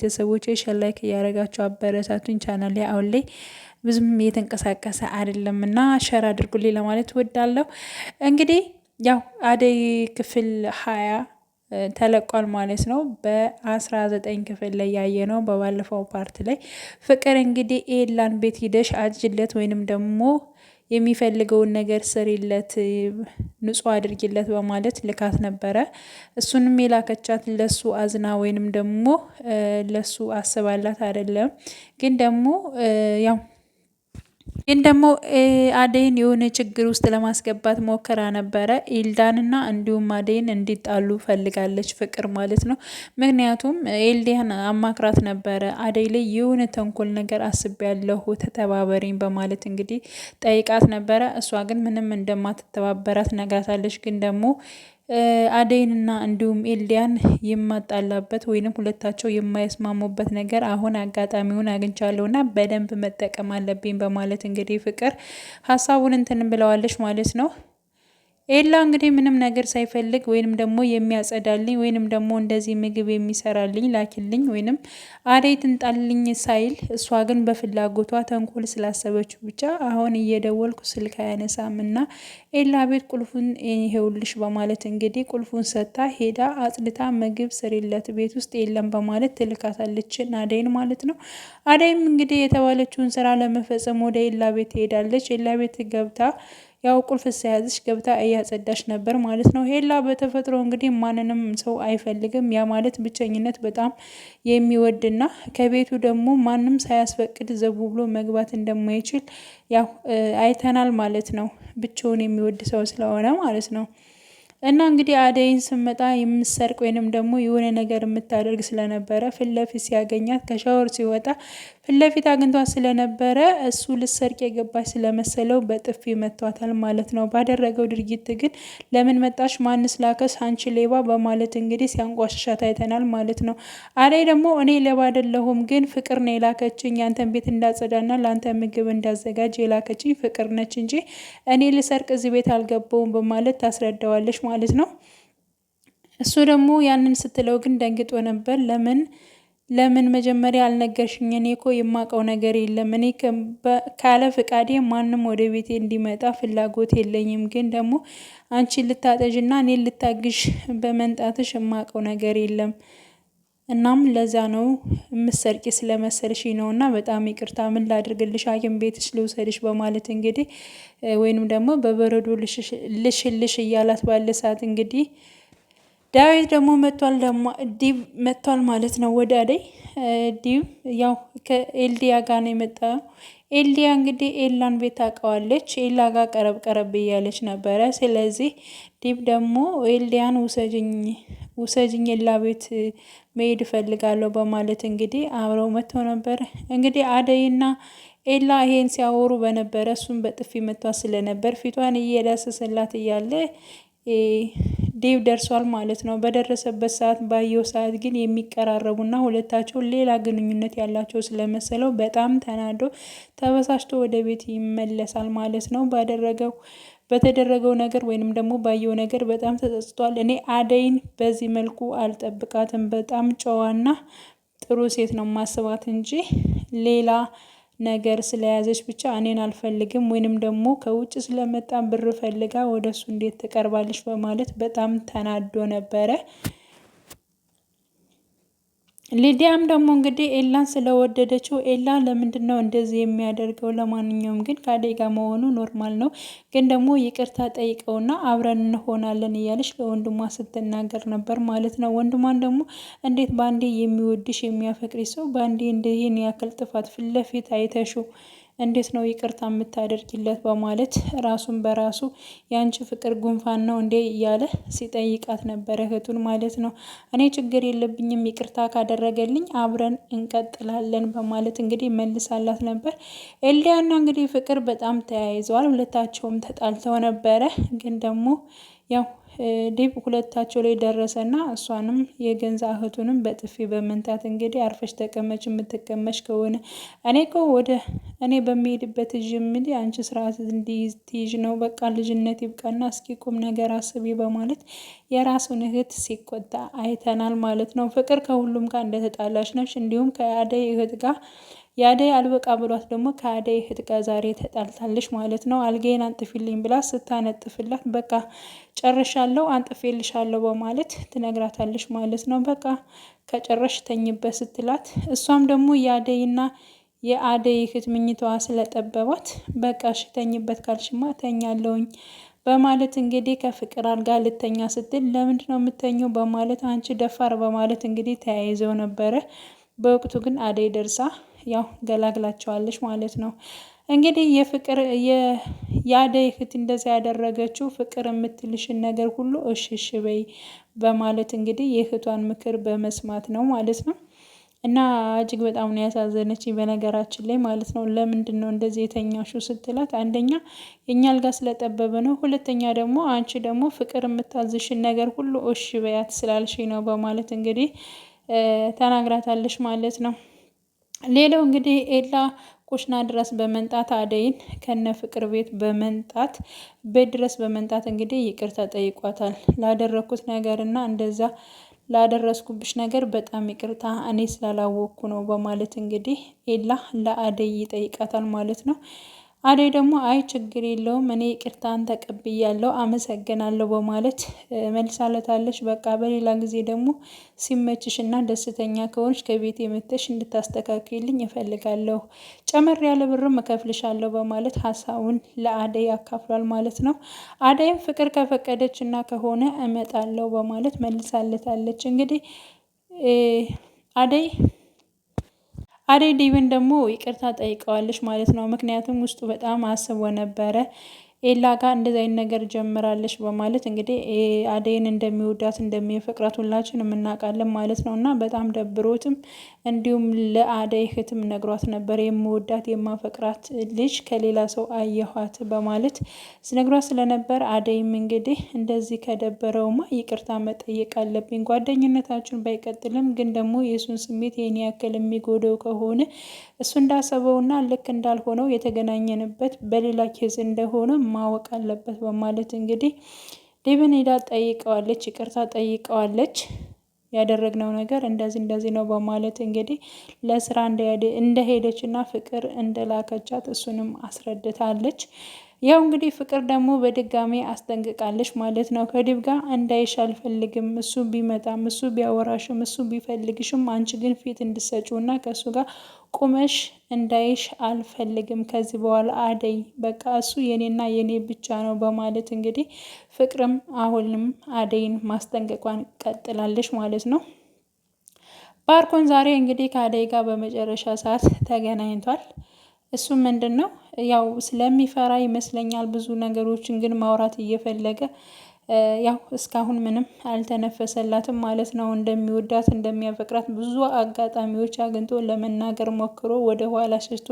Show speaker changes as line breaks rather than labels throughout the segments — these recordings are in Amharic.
ቤተሰቦች ሸላይክ እያደረጋቸው አበረታቱኝ። ቻናል ላይ አሁን ላይ ብዙም የተንቀሳቀሰ አይደለም እና ሸር አድርጉልኝ ለማለት ወዳለሁ። እንግዲህ ያው አደይ ክፍል ሀያ ተለቋል ማለት ነው። በአስራ ዘጠኝ ክፍል ላይ ያየ ነው። በባለፈው ፓርት ላይ ፍቅር እንግዲህ ኤላን ቤት ሂደሽ አጅለት ወይንም ደግሞ የሚፈልገውን ነገር ስሪለት፣ ንጹህ አድርጊለት በማለት ልካት ነበረ። እሱንም የላከቻት ለሱ አዝና ወይንም ደግሞ ለሱ አስባላት አይደለም ግን ደግሞ ያው ግን ደግሞ አደይን የሆነ ችግር ውስጥ ለማስገባት ሞከራ ነበረ። ኤልዳንና እንዲሁም አደይን እንዲጣሉ ፈልጋለች ፍቅር ማለት ነው። ምክንያቱም ኤልዲያን አማክራት ነበረ አደይ ላይ የሆነ ተንኮል ነገር አስቤያለሁ ተተባበሪኝ በማለት እንግዲህ ጠይቃት ነበረ። እሷ ግን ምንም እንደማትተባበራት ነግራታለች። ግን ደግሞ አደይንና እንዲሁም ኤልዲያን የማጣላበት ወይንም ሁለታቸው የማይስማሙበት ነገር አሁን አጋጣሚውን እና በደንብ መጠቀም አለብኝ በማለት እንግዲህ ፍቅር ሀሳቡን እንትን ብለዋለች ማለት ነው። ኤላ እንግዲህ ምንም ነገር ሳይፈልግ ወይንም ደግሞ የሚያጸዳልኝ ወይንም ደግሞ እንደዚህ ምግብ የሚሰራልኝ ላኪልኝ ወይንም አደይ ትንጣልኝ ሳይል እሷ ግን በፍላጎቷ ተንኮል ስላሰበችው ብቻ አሁን እየደወልኩ ስልክ አያነሳም እና ኤላ ቤት ቁልፉን ይሄውልሽ በማለት እንግዲህ ቁልፉን ሰታ ሄዳ አጽድታ ምግብ ስሪለት ቤት ውስጥ የለም በማለት ትልካታለች አደይን ማለት ነው። አደይም እንግዲህ የተባለችውን ስራ ለመፈጸም ወደ ኤላ ቤት ትሄዳለች። ኤላ ቤት ገብታ ያው ቁልፍ ሳያዝሽ ገብታ እያጸዳሽ ነበር ማለት ነው። ሄላ በተፈጥሮ እንግዲህ ማንንም ሰው አይፈልግም። ያ ማለት ብቸኝነት በጣም የሚወድና ከቤቱ ደግሞ ማንም ሳያስፈቅድ ዘቡ ብሎ መግባት እንደማይችል ያው አይተናል ማለት ነው። ብቻውን የሚወድ ሰው ስለሆነ ማለት ነው። እና እንግዲህ አደይን ስመጣ የምሰርቅ ወይንም ደግሞ የሆነ ነገር የምታደርግ ስለነበረ ፊት ለፊት ሲያገኛት ከሻወር ሲወጣ ፊት ለፊት አግኝቷት ስለነበረ እሱ ልሰርቅ የገባች ስለመሰለው በጥፊ መቷታል ማለት ነው። ባደረገው ድርጊት ግን ለምን መጣሽ? ማንስ ላከሽ? አንቺ ሌባ በማለት እንግዲህ ሲያንቋሽሻት ታይተናል ማለት ነው። አደይ ደግሞ እኔ ሌባ አይደለሁም፣ ግን ፍቅር ነው የላከችኝ ያንተን ቤት እንዳጸዳና ለአንተ ምግብ እንዳዘጋጅ የላከችኝ ፍቅር ነች እንጂ እኔ ልሰርቅ እዚህ ቤት አልገባውም በማለት ታስረዳዋለች ማለት ነው። እሱ ደግሞ ያንን ስትለው ግን ደንግጦ ነበር ለምን ለምን መጀመሪያ አልነገርሽኝ? እኔ እኮ የማውቀው ነገር የለም። እኔ ካለ ፍቃዴ ማንም ወደ ቤቴ እንዲመጣ ፍላጎት የለኝም። ግን ደግሞ አንቺን ልታጠዥና እኔን ልታግዥ በመንጣትሽ የማውቀው ነገር የለም። እናም ለዛ ነው የምሰርቂ ስለመሰልሽ ነው። እና በጣም ይቅርታ፣ ምን ላድርግልሽ? ሐኪም ቤትሽ ልውሰድሽ በማለት እንግዲህ ወይንም ደግሞ በበረዶ ልሽልሽ እያላት ባለ ሰዓት እንግዲህ ዳዊት ደግሞ መቷል ዲብ መቷል ማለት ነው ወደ አደይ ዲብ ያው ከኤልዲያ ጋር ነው የመጣ ኤልዲያ እንግዲህ ኤላን ቤት ታውቀዋለች። ኤላ ጋር ቀረብ ቀረብ እያለች ነበረ። ስለዚህ ዲብ ደግሞ ኤልዲያን ውሰጅኝ ውሰጅኝ ኤላ ቤት መሄድ እፈልጋለሁ በማለት እንግዲህ አብረው መጥቶ ነበር። እንግዲህ አደይና ኤላ ይሄን ሲያወሩ በነበረ እሱም በጥፊ መቷ ስለነበር ፊቷን እየዳሰሰላት እያለ ዴቭ ደርሷል ማለት ነው። በደረሰበት ሰዓት ባየው ሰዓት ግን የሚቀራረቡና ሁለታቸው ሌላ ግንኙነት ያላቸው ስለመሰለው በጣም ተናዶ ተበሳጭቶ ወደ ቤት ይመለሳል ማለት ነው። ባደረገው በተደረገው ነገር ወይንም ደግሞ ባየው ነገር በጣም ተጸጽቷል። እኔ አደይን በዚህ መልኩ አልጠብቃትም። በጣም ጨዋና ጥሩ ሴት ነው ማስባት እንጂ ሌላ ነገር ስለያዘች ብቻ እኔን አልፈልግም ወይንም ደግሞ ከውጭ ስለመጣ ብር ፈልጋ ወደ እሱ እንዴት ትቀርባለች በማለት በጣም ተናዶ ነበረ። ሊዲያም ደግሞ እንግዲህ ኤላን ስለወደደችው ኤላ ለምንድን ነው እንደዚህ የሚያደርገው? ለማንኛውም ግን ከአደይ ጋር መሆኑ ኖርማል ነው፣ ግን ደግሞ ይቅርታ ጠይቀውና አብረን እንሆናለን እያለች ለወንድሟ ስትናገር ነበር ማለት ነው። ወንድሟን ደግሞ እንዴት በአንዴ የሚወድሽ የሚያፈቅሪ ሰው በአንዴ እንደይህን ያክል ጥፋት ፊት ለፊት አይተሹ እንዴት ነው ይቅርታ የምታደርጊለት በማለት ራሱን በራሱ የአንቺ ፍቅር ጉንፋን ነው እንዴ እያለ ሲጠይቃት ነበረ፣ እህቱን ማለት ነው። እኔ ችግር የለብኝም ይቅርታ ካደረገልኝ አብረን እንቀጥላለን በማለት እንግዲህ መልሳላት ነበር። ኤልዲያና እንግዲህ ፍቅር በጣም ተያይዘዋል። ሁለታቸውም ተጣልተው ነበረ ግን ደግሞ ያው ዲብ ሁለታቸው ላይ ደረሰና እሷንም የገንዛ እህቱንም በጥፊ በመንታት እንግዲህ አርፈሽ ተቀመጭ፣ የምትቀመሽ ከሆነ እኔ እኮ ወደ እኔ በሚሄድበት እዥ እንግዲህ አንቺ ስርዓት እንዲትይዥ ነው። በቃ ልጅነት ይብቃና እስኪ ቁም ነገር አስቢ በማለት የራሱን እህት ሲቆጣ አይተናል ማለት ነው። ፍቅር ከሁሉም ጋር እንደተጣላች ነች። እንዲሁም ከአደይ እህት ጋር የአደይ አልበቃ ብሏት ደግሞ ከአደይ እህት ጋር ዛሬ ተጣልታለች ማለት ነው። አልጌን አንጥፊልኝ ብላ ስታነጥፍላት በቃ ጨርሻለሁ አንጥፌልሻለሁ በማለት ትነግራታለች ማለት ነው። በቃ ከጨረሽ ተኝበት ስትላት እሷም ደግሞ የአደይና የአደይ እህት ምኝታዋ ስለጠበባት በቃ ሽተኝበት ካልሽማ ተኛለውኝ በማለት እንግዲህ ከፍቅር አልጋ ልተኛ ስትል ለምንድ ነው የምተኘው በማለት አንቺ ደፋር በማለት እንግዲህ ተያይዘው ነበረ። በወቅቱ ግን አደይ ደርሳ ያው ገላግላቸዋለች ማለት ነው። እንግዲህ የፍቅር የአደይ እህት እንደዛ ያደረገችው ፍቅር የምትልሽን ነገር ሁሉ እሽሽ በይ በማለት እንግዲህ የእህቷን ምክር በመስማት ነው ማለት ነው። እና እጅግ በጣም ነው ያሳዘነች በነገራችን ላይ ማለት ነው። ለምንድን ነው እንደዚህ የተኛሹ ስትላት፣ አንደኛ የእኛ አልጋ ስለጠበበ ነው፣ ሁለተኛ ደግሞ አንቺ ደግሞ ፍቅር የምታዝሽን ነገር ሁሉ እሽ በያት ስላልሽ ነው በማለት እንግዲህ ተናግራታለች ማለት ነው። ሌላው እንግዲህ ኤላ ኩሽና ድረስ በመንጣት አደይን ከነ ፍቅር ቤት በመንጣት ቤት ድረስ በመንጣት እንግዲህ ይቅርታ ጠይቋታል። ላደረግኩት ነገር እና እንደዛ ላደረስኩብሽ ነገር በጣም ይቅርታ እኔ ስላላወቅኩ ነው በማለት እንግዲህ ኤላ ለአደይ ይጠይቃታል ማለት ነው። አደይ ደግሞ አይ ችግር የለውም እኔ ይቅርታን ተቀብያለሁ አመሰግናለሁ በማለት መልሳለታለች። በቃ በሌላ ጊዜ ደግሞ ሲመችሽ እና ደስተኛ ከሆንች ከቤት የመተሽ እንድታስተካክልኝ እፈልጋለሁ፣ ጨመር ያለ ብርም እከፍልሻለሁ በማለት ሀሳቡን ለአደይ አካፍሏል ማለት ነው። አደይም ፍቅር ከፈቀደች እና ከሆነ እመጣለሁ በማለት መልሳለታለች። እንግዲህ አደይ አደይ ዲብን ደግሞ ይቅርታ ጠይቀዋለች ማለት ነው። ምክንያቱም ውስጡ በጣም አስቦ ነበረ ኤላ ጋር እንደዚህ አይነት ነገር ጀምራለች በማለት እንግዲህ አደይን እንደሚወዳት እንደሚፈቅራት ሁላችን የምናውቃለን ማለት ነው። እና በጣም ደብሮትም እንዲሁም ለአደይ እህትም ነግሯት ነበር የምወዳት የማፈቅራት ልጅ ከሌላ ሰው አየኋት በማለት ነግሯት ስለነበር አደይም እንግዲህ እንደዚህ ከደበረውማ ይቅርታ መጠየቅ አለብኝ ጓደኝነታችን ባይቀጥልም ግን ደግሞ የእሱን ስሜት ይህን ያክል የሚጎደው ከሆነ እሱ እንዳሰበውና ልክ እንዳልሆነው የተገናኘንበት በሌላ ኬዝ እንደሆነ ማወቅ አለበት በማለት እንግዲህ ዴብን ሄዳ ጠይቀዋለች፣ ይቅርታ ጠይቀዋለች። ያደረግነው ነገር እንደዚህ እንደዚህ ነው በማለት እንግዲህ ለስራ እንደሄደች እና ፍቅር እንደላከቻት እሱንም አስረድታለች። ያው እንግዲህ ፍቅር ደግሞ በድጋሚ አስጠንቅቃለች ማለት ነው። ከዲብ ጋር እንዳይሽ አልፈልግም። እሱ ቢመጣም እሱ ቢያወራሽም እሱ ቢፈልግሽም፣ አንቺ ግን ፊት እንድሰጪው እና ከእሱ ጋር ቁመሽ እንዳይሽ አልፈልግም ከዚህ በኋላ አደይ፣ በቃ እሱ የኔና የኔ ብቻ ነው በማለት እንግዲህ ፍቅርም አሁንም አደይን ማስጠንቀቋን ቀጥላለች ማለት ነው። ባርኮን ዛሬ እንግዲህ ከአደይ ጋር በመጨረሻ ሰዓት ተገናኝቷል። እሱም ምንድን ነው ያው ስለሚፈራ ይመስለኛል ብዙ ነገሮችን ግን ማውራት እየፈለገ ያው እስካሁን ምንም አልተነፈሰላትም ማለት ነው። እንደሚወዳት እንደሚያፈቅራት ብዙ አጋጣሚዎች አግኝቶ ለመናገር ሞክሮ ወደ ኋላ ሸሽቶ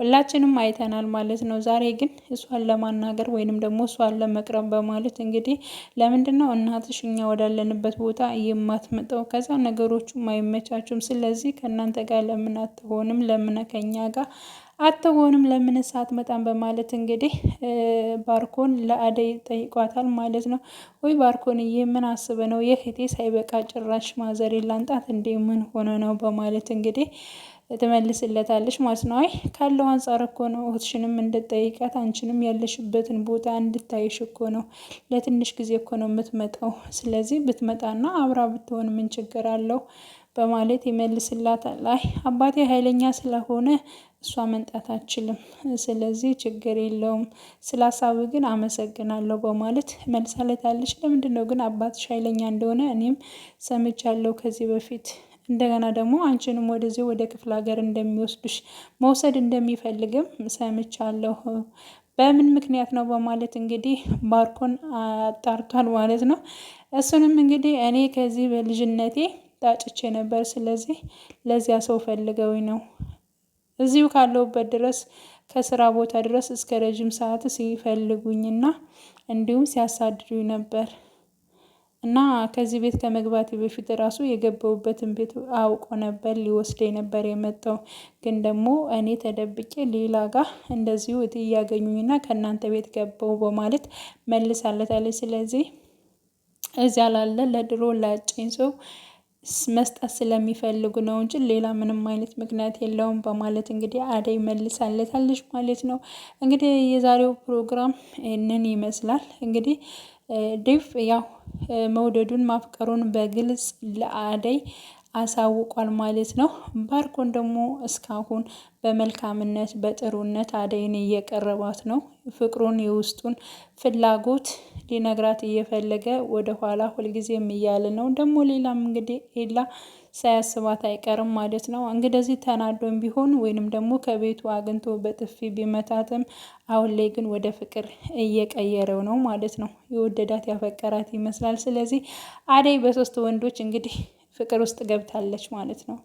ሁላችንም አይተናል ማለት ነው። ዛሬ ግን እሷን ለማናገር ወይንም ደግሞ እሷን ለመቅረብ በማለት እንግዲህ ለምንድን ነው እናትሽ እኛ ወዳለንበት ቦታ የማትመጣው? ከዛ ነገሮቹም አይመቻችሁም። ስለዚህ ከእናንተ ጋር ለምን አትሆንም? ለምን ከኛ ጋር አትሆንም ለምን መጣን በማለት እንግዲህ ባርኮን ለአደይ ጠይቋታል ማለት ነው። ወይ ባርኮንዬ ምን አስበ ነው የህቴ ሳይበቃ ጭራሽ ማዘሬ ላንጣት እንዴ ምን ሆነ ነው በማለት እንግዲህ ትመልስለታለች ማለት ነው። አይ ካለው አንጻር እኮ ነው እህትሽንም እንድጠይቃት አንቺንም ያለሽበትን ቦታ እንድታይሽ እኮ ነው። ለትንሽ ጊዜ እኮ ነው የምትመጣው። ስለዚህ ብትመጣና አብራ ብትሆን ምን ችግር አለው? በማለት ይመልስላታል። አይ አባቴ ኃይለኛ ስለሆነ እሷ መንጣት አችልም። ስለዚህ ችግር የለውም ስለ ሀሳብ ግን አመሰግናለሁ በማለት መልሳለታለች። ለምንድን ነው ግን አባትሽ ኃይለኛ እንደሆነ እኔም ሰምቻለሁ ከዚህ በፊት እንደገና ደግሞ አንቺንም ወደዚህ ወደ ክፍለ ሀገር እንደሚወስድሽ መውሰድ እንደሚፈልግም ሰምቻለሁ። በምን ምክንያት ነው በማለት እንግዲህ ባርኮን አጣርቷል ማለት ነው። እሱንም እንግዲህ እኔ ከዚህ በልጅነቴ ጣጭቼ ነበር፣ ስለዚህ ለዚያ ሰው ፈልገው ነው እዚሁ ካለሁበት ድረስ ከስራ ቦታ ድረስ እስከ ረዥም ሰዓት ሲፈልጉኝና እንዲሁም ሲያሳድዱኝ ነበር እና ከዚህ ቤት ከመግባቴ በፊት ራሱ የገባሁበትን ቤት አውቆ ነበር ሊወስደኝ ነበር የመጣው። ግን ደግሞ እኔ ተደብቄ ሌላ ጋር እንደዚሁ እህት እያገኙኝና ከእናንተ ቤት ገባሁ በማለት መልሳለታለች። ስለዚህ እዚያ ላለ ለድሮ ላጭኝ ሰው መስጠት ስለሚፈልጉ ነው እንጂ ሌላ ምንም አይነት ምክንያት የለውም በማለት እንግዲህ አደይ መልሳለታለች ማለት ነው። እንግዲህ የዛሬው ፕሮግራም ይህንን ይመስላል። እንግዲህ ዴቭ ያው መውደዱን ማፍቀሩን በግልጽ ለአደይ አሳውቋል ማለት ነው። ባርኮን ደግሞ እስካሁን በመልካምነት በጥሩነት አደይን እየቀረባት ነው። ፍቅሩን የውስጡን ፍላጎት ሊነግራት እየፈለገ ወደኋላ ሁልጊዜም እያለ ነው። ደግሞ ሌላም እንግዲህ ኤላ ሳያስባት አይቀርም ማለት ነው። እንግዲህ ተናዶን ቢሆን ወይንም ደግሞ ከቤቱ አግኝቶ በጥፊ ቢመታትም አሁን ላይ ግን ወደ ፍቅር እየቀየረው ነው ማለት ነው። የወደዳት ያፈቀራት ይመስላል። ስለዚህ አደይ በሶስት ወንዶች እንግዲህ ፍቅር ውስጥ ገብታለች ማለት ነው።